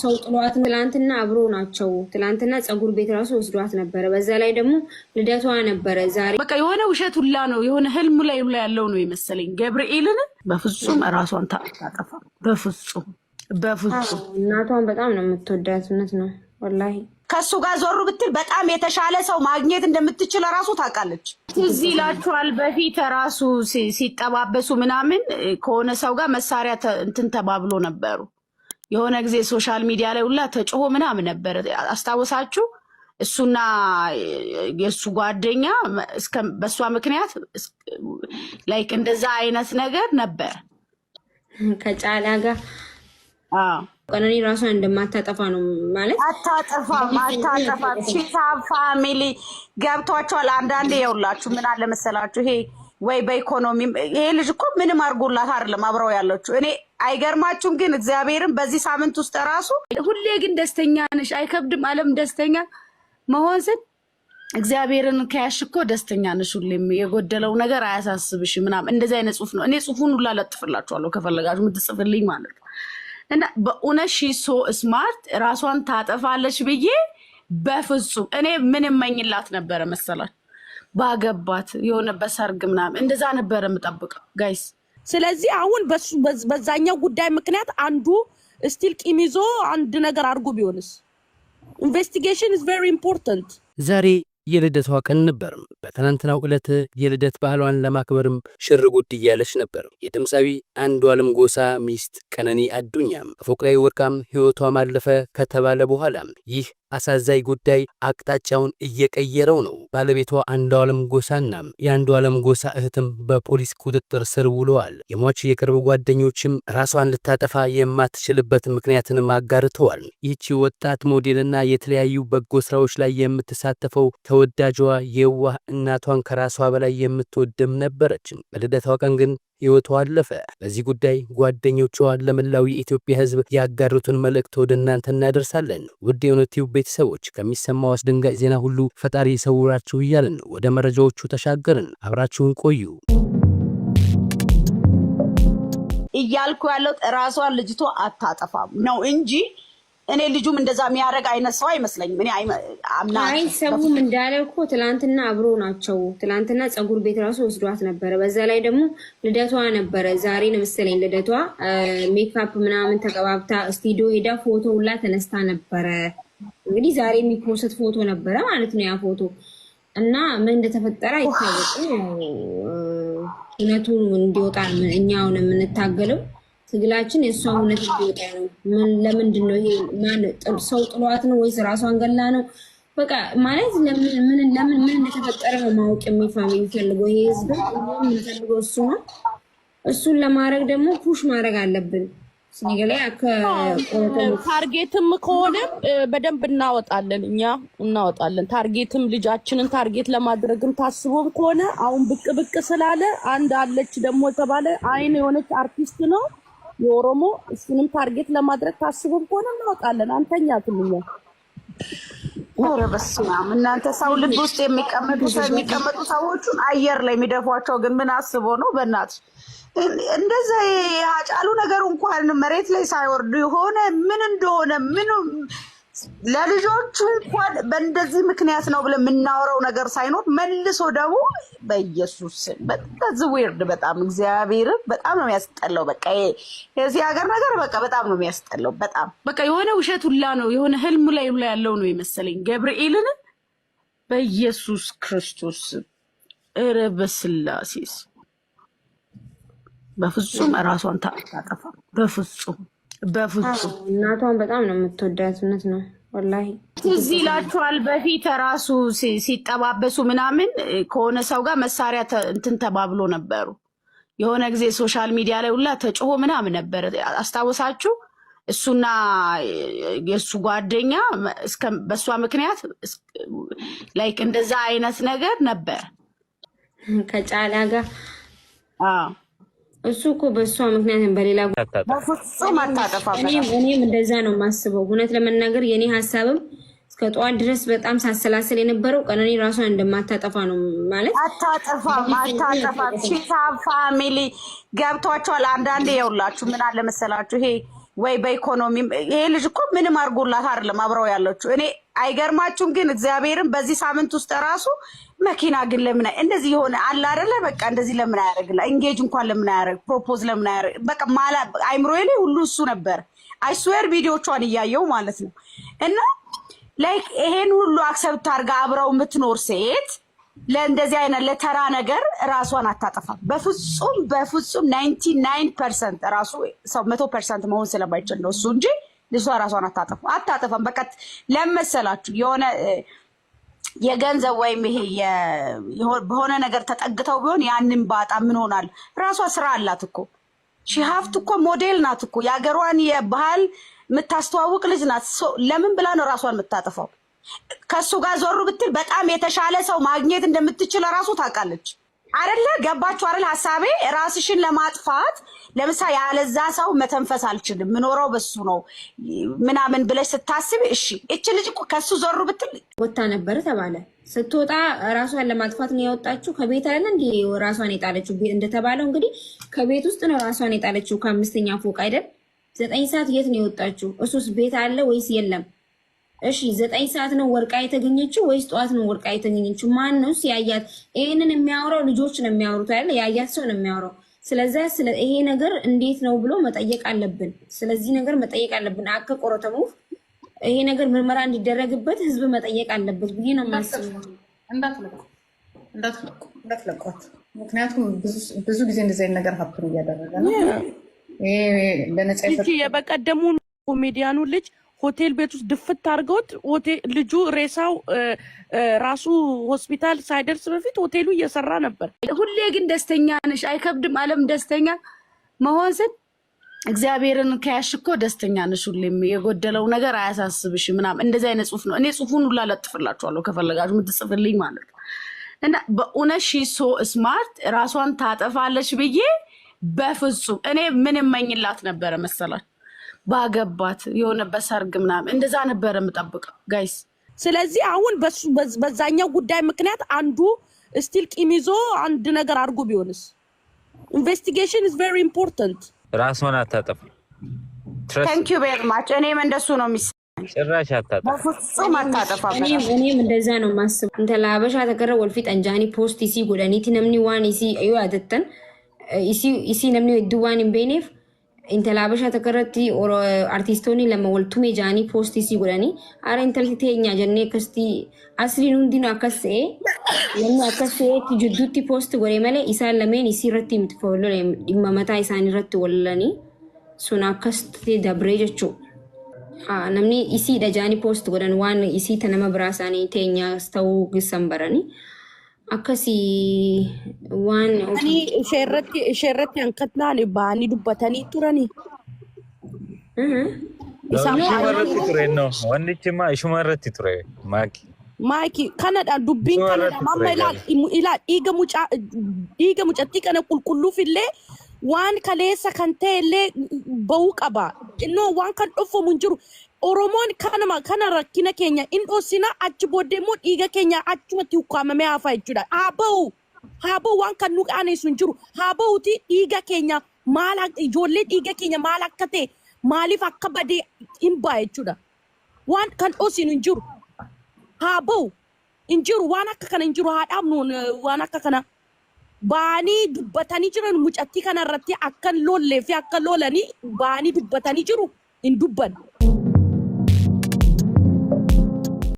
ሰው ጥሏት ነው። ትላንትና አብሮ ናቸው። ትላንትና ፀጉር ቤት ራሱ ወስዷት ነበረ። በዛ ላይ ደግሞ ልደቷ ነበረ ዛሬ። በቃ የሆነ ውሸት ሁላ ነው የሆነ ህልሙ ላይ ሁላ ያለው ነው የመሰለኝ። ገብርኤልን በፍጹም ራሷን ታጠፋ በፍጹም በፍጹም። እናቷን በጣም ነው የምትወዳት። እውነት ነው ወላሂ ከእሱ ጋር ዞሩ ብትል በጣም የተሻለ ሰው ማግኘት እንደምትችል ራሱ ታውቃለች። ትዝ ይላችኋል በፊት ራሱ ሲጠባበሱ ምናምን ከሆነ ሰው ጋር መሳሪያ እንትን ተባብሎ ነበሩ የሆነ ጊዜ ሶሻል ሚዲያ ላይ ሁላ ተጮሆ ምናምን ነበር አስታወሳችሁ? እሱና የእሱ ጓደኛ በእሷ ምክንያት ላይክ እንደዛ አይነት ነገር ነበር። ከጫላ ጋር ቀነኒ ራሷን እንደማታጠፋ ነው ማለት አታጠፋ ማታጠፋ ፋሚሊ ገብቷቸዋል። አንዳንዴ የውላችሁ ምን አለ መሰላችሁ ይሄ ወይ በኢኮኖሚ ይሄ ልጅ እኮ ምንም አድርጎላት አይደለም አብረው ያለችው። እኔ አይገርማችሁም? ግን እግዚአብሔርን በዚህ ሳምንት ውስጥ ራሱ ሁሌ ግን ደስተኛ ነሽ፣ አይከብድም። አለም ደስተኛ መሆን ስል እግዚአብሔርን ከያሽ እኮ ደስተኛ ነሽ፣ ሁሌም የጎደለው ነገር አያሳስብሽ ምናምን እንደዚህ አይነት ጽሁፍ ነው። እኔ ጽሁፉን ሁላ ለጥፍላችኋለሁ ከፈለጋችሁ የምትጽፍልኝ ማለት ነው። እና በእውነት ሺ ሶ ስማርት ራሷን ታጠፋለች ብዬ በፍጹም እኔ ምን እመኝላት ነበረ መሰላችሁ ባገባት የሆነ በሰርግ ምናምን እንደዛ ነበረ የምጠብቀው ጋይስ። ስለዚህ አሁን በዛኛው ጉዳይ ምክንያት አንዱ ስቲል ቂም ይዞ አንድ ነገር አድርጎ ቢሆንስ? ኢንቨስቲጌሽን ኢዝ ቨሪ ኢምፖርታንት ዛሬ የልደቷ ቀን ነበርም። በትናንትናው ዕለት የልደት ባህሏን ለማክበርም ሽር ጉድ እያለች ነበር። የድምፃዊ አንዷለም ጎሳ ሚስት ቀነኒ አዱኛ ከፎቅ ላይ ወድቃም ሕይወቷ ማለፈ ከተባለ በኋላ ይህ አሳዛኝ ጉዳይ አቅጣጫውን እየቀየረው ነው። ባለቤቷ አንዷለም ጎሳና የአንዷለም ጎሳ እህትም በፖሊስ ቁጥጥር ስር ውለዋል። የሟች የቅርብ ጓደኞችም ራሷን ልታጠፋ የማትችልበት ምክንያትንም አጋርተዋል። ይህቺ ወጣት ሞዴልና የተለያዩ በጎ ስራዎች ላይ የምትሳተፈው ተወዳጇ የዋህ እናቷን ከራሷ በላይ የምትወድም ነበረችን በልደቷ ቀን ግን ህይወቷ አለፈ። በዚህ ጉዳይ ጓደኞቿ ለመላው የኢትዮጵያ ህዝብ ያጋሩትን መልእክት ወደ እናንተ እናደርሳለን። ውድ የዩቲዩብ ቤተሰቦች ከሚሰማው አስደንጋጭ ዜና ሁሉ ፈጣሪ ይሰውራችሁ እያልን ወደ መረጃዎቹ ተሻገርን። አብራችሁን ቆዩ እያልኩ ያለው ራሷን ልጅቷ አታጠፋም ነው እንጂ እኔ ልጁም እንደዛ የሚያደርግ አይነት ሰው አይመስለኝም። እኔ አምና አይ ሰውም እንዳለ እኮ ትላንትና አብሮ ናቸው። ትላንትና ፀጉር ቤት ራሱ ወስዷት ነበረ። በዛ ላይ ደግሞ ልደቷ ነበረ ዛሬ ነው መሰለኝ ልደቷ። ሜካፕ ምናምን ተቀባብታ ስቱዲዮ ሄዳ ፎቶ ሁላ ተነስታ ነበረ። እንግዲህ ዛሬ የሚፖሰት ፎቶ ነበረ ማለት ነው ያ ፎቶ እና ምን እንደተፈጠረ አይታወቅም። እውነቱ እንዲወጣ እኛውን የምንታገለው ትግላችን የእሷ እውነት እንዲወጣ ነው። ለምንድን ነው ሰው ጥሏት ነው ወይስ ራሷን ገላ ነው? በቃ ማለት ለምን ለምን ምን እንደተፈጠረ ነው ማወቅ የሚፋሚ የሚፈልገው ይሄ ህዝብ የምንፈልገው እሱ ነው። እሱን ለማድረግ ደግሞ ፑሽ ማድረግ አለብን። ታርጌትም ከሆነ በደንብ እናወጣለን፣ እኛ እናወጣለን። ታርጌትም ልጃችንን ታርጌት ለማድረግም ታስቦም ከሆነ አሁን ብቅ ብቅ ስላለ አንድ አለች ደግሞ የተባለ አይን የሆነች አርቲስት ነው የኦሮሞ እሱንም ታርጌት ለማድረግ ታስቡም ከሆነ እናወጣለን። አንተኛ ትምኛ ኧረ በስመ አብ እናንተ ሰው ልብ ውስጥ የሚቀመጡ የሚቀመጡ ሰዎቹን አየር ላይ የሚደፏቸው ግን ምን አስቦ ነው? በእናት እንደዛ የሀጫሉ ነገሩ እንኳን መሬት ላይ ሳይወርዱ የሆነ ምን እንደሆነ ምን ለልጆቹ እንኳን በእንደዚህ ምክንያት ነው ብለን የምናወራው ነገር ሳይኖር መልሶ ደግሞ በኢየሱስ በዚ ዊርድ በጣም እግዚአብሔር በጣም ነው የሚያስጠላው። በቃ የዚህ ሀገር ነገር በቃ በጣም ነው የሚያስጠላው። በጣም በቃ የሆነ ውሸት ሁላ ነው የሆነ ህልሙ ላይ ሁላ ያለው ነው የመሰለኝ። ገብርኤልን በኢየሱስ ክርስቶስ እረ በስላሴስ በፍጹም እራሷን ታጠፋ በፍጹም በፍጹም እናቷን በጣም ነው የምትወዳት። እውነት ነው ወላሂ። ትዝ ይላችኋል በፊት ራሱ ሲጠባበሱ ምናምን ከሆነ ሰው ጋር መሳሪያ እንትን ተባብሎ ነበሩ። የሆነ ጊዜ ሶሻል ሚዲያ ላይ ሁላ ተጭሆ ምናምን ነበር አስታወሳችሁ? እሱና የእሱ ጓደኛ በእሷ ምክንያት ላይክ እንደዛ አይነት ነገር ነበር ከጫላ ጋር እሱ እኮ በእሷ ምክንያት በሌላ እኔም እንደዛ ነው የማስበው። እውነት ለመናገር የእኔ ሀሳብም እስከ ጠዋት ድረስ በጣም ሳሰላሰል የነበረው ቀነኔ ራሷን እንደማታጠፋ ነው። ማለት አታጠፋም፣ ፋሚሊ ገብቷቸዋል። አንዳንዴ የውላችሁ ምን አለ መሰላችሁ፣ ይሄ ወይ በኢኮኖሚ ይሄ ልጅ እኮ ምንም አድርጎላት አይደለም አብረው ያለችው እኔ አይገርማችሁም? ግን እግዚአብሔርን በዚህ ሳምንት ውስጥ ራሱ መኪና ግን ለምን እንደዚህ የሆነ አለ አደለ? በቃ እንደዚህ ለምን አያደርግላ? ኢንጌጅ እንኳን ለምን አያደርግ? ፕሮፖዝ ለምን አያደርግ? በቃ ማላ አይምሮዬ ላይ ሁሉ እሱ ነበር። አይስዌር ቪዲዮቿን እያየው ማለት ነው። እና ላይክ ይሄን ሁሉ አክሰብት አድርጋ አብረው የምትኖር ሴት ለእንደዚህ አይነት ለተራ ነገር ራሷን አታጠፋም። በፍጹም በፍጹም ናይንቲ ናይን ፐርሰንት ራሱ ሰው መቶ ፐርሰንት መሆን ስለማይችል ነው እሱ እንጂ ልሷ ራሷን አታጠፉ አታጠፋም። በቃ ለመሰላችሁ የሆነ የገንዘብ ወይም ይሄ በሆነ ነገር ተጠግተው ቢሆን ያንን ባጣ ምን ሆናል? ራሷ ስራ አላት እኮ ሺሀፍት እኮ ሞዴል ናት እኮ የሀገሯን የባህል የምታስተዋውቅ ልጅ ናት። ለምን ብላ ነው ራሷን የምታጠፋው? ከእሱ ጋር ዞሩ ብትል በጣም የተሻለ ሰው ማግኘት እንደምትችል ራሱ ታውቃለች። አይደለ? ገባችሁ አይደል? ሀሳቤ ራስሽን ለማጥፋት ለምሳሌ ያለዛ ሰው መተንፈስ አልችልም ምኖረው በሱ ነው ምናምን ብለሽ ስታስብ፣ እሺ እች ልጅ ከሱ ዞሩ ብትል ወታ ነበር ተባለ። ስትወጣ ራሷን ለማጥፋት ነው ያወጣችው ከቤት አለ እንዲ ራሷን የጣለችው እንደተባለው እንግዲህ ከቤት ውስጥ ነው ራሷን የጣለችው ከአምስተኛ ፎቅ አይደል? ዘጠኝ ሰዓት የት ነው የወጣችው? እሱስ ቤት አለ ወይስ የለም? እሺ ዘጠኝ ሰዓት ነው ወርቃ የተገኘችው ወይስ ጠዋት ነው ወርቃ የተገኘችው? ማን ነው ያያት? ይሄንን የሚያወራው ልጆች ነው የሚያወሩት አይደል? ያያት ሰው ነው የሚያወራው። ስለዛ ይሄ ነገር እንዴት ነው ብሎ መጠየቅ አለብን። ስለዚህ ነገር መጠየቅ አለብን። አከ ቆረተሙ ይሄ ነገር ምርመራ እንዲደረግበት ህዝብ መጠየቅ አለበት ብዬ ነው የማስበው። እንዳትለቋት፣ ምክንያቱም ብዙ ጊዜ እንደዚህ አይነት ነገር ሀፕን እያደረገ ነው። ለነጻ የበቀደሙ ኮሜዲያኑ ልጅ ሆቴል ቤት ውስጥ ድፍት አድርገውት ልጁ ሬሳው ራሱ ሆስፒታል ሳይደርስ በፊት ሆቴሉ እየሰራ ነበር። ሁሌ ግን ደስተኛ ነሽ፣ አይከብድም አለም ደስተኛ መሆን ስል እግዚአብሔርን ከያሽ እኮ ደስተኛ ነሽ፣ ሁሌም የጎደለው ነገር አያሳስብሽ ምናምን እንደዚህ አይነት ጽሁፍ ነው። እኔ ጽሁፉን ሁላ ለጥፍላችኋለሁ ከፈለጋችሁ የምትጽፍልኝ ማለት ነው። እና በእውነት ሺ ሶ ስማርት ራሷን ታጠፋለች ብዬ በፍጹም እኔ ምን እመኝላት ነበረ መሰላችሁ ባገባት የሆነ በሰርግ ምናምን እንደዛ ነበረ የምጠብቀው ጋይስ። ስለዚህ አሁን በዛኛው ጉዳይ ምክንያት አንዱ ስቲል ቂም ይዞ አንድ ነገር አድርጎ ቢሆንስ? ኢንቨስቲጌሽን ኢዝ ቬሪ ኢምፖርታንት። ራስን አታጠፋ። ታንክ ዩ ቬሪ ማች። እኔም እንደሱ ነው የሚስ ጭራሽ አታጠፋ፣ በፍጹም እኔም እንደዛ ነው ማስብ። እንተ ለአበሻ ተከረ ወልፊ ጠንጃኒ ፖስት ይሲ ጎዳኒ ትነምኒ ዋን ይሲ እዩ አደተን ይሲ ነምኒ ድዋን ቤኔፍ intala Habashaa takka irratti artiistoonni lama waltumee jaanii poostii si godhanii ara intalli teenya jennee akkasitti asriin hundinuu akkas ta'ee namni akkas ta'eetti jidduutti poostii godhee malee isaan lameen isii irratti miti foolole dhimma mataa isaanii irratti wallanii sun akkas ta'e dabree jechuudha. Namni isiidha jaanii poostii godhan waan isii ta nama biraa isaanii teenyaas ta'uu gissan baranii. akkasii waan ishee irratti hanqatnaan ba'anii dubbatanii turanii. Mhm. Wanni cimaa ishuma irratti ture maaki. Maaki kanadha dubbiin kanadha amma ilaal dhiiga mucattii kana qulqulluufillee waan kaleessa kan ta'e illee bahuu qaba. Innoo waan kan dhoofamu hin jiru. Oromoon kanama kana rakkina keenya in dosina achi booddee immoo dhiiga keenya achumatti ukkaamamee haafaa jechuudha. Haa ba'u haa ba'u waan kan nu jiru haa ba'uti dhiiga keenya ijoollee dhiiga keenya maal akka ta'e maaliif akka badee hin ba'a jechuudha. Waan kan dhoosinu hin jiru haa ba'u hin jiru waan akka kana hin jiru haa eh, waan akka kana. baanii dubbatanii jiran mucattii kanarratti akka lollee fi akka lolanii baanii dubbatanii jiru hin dubban.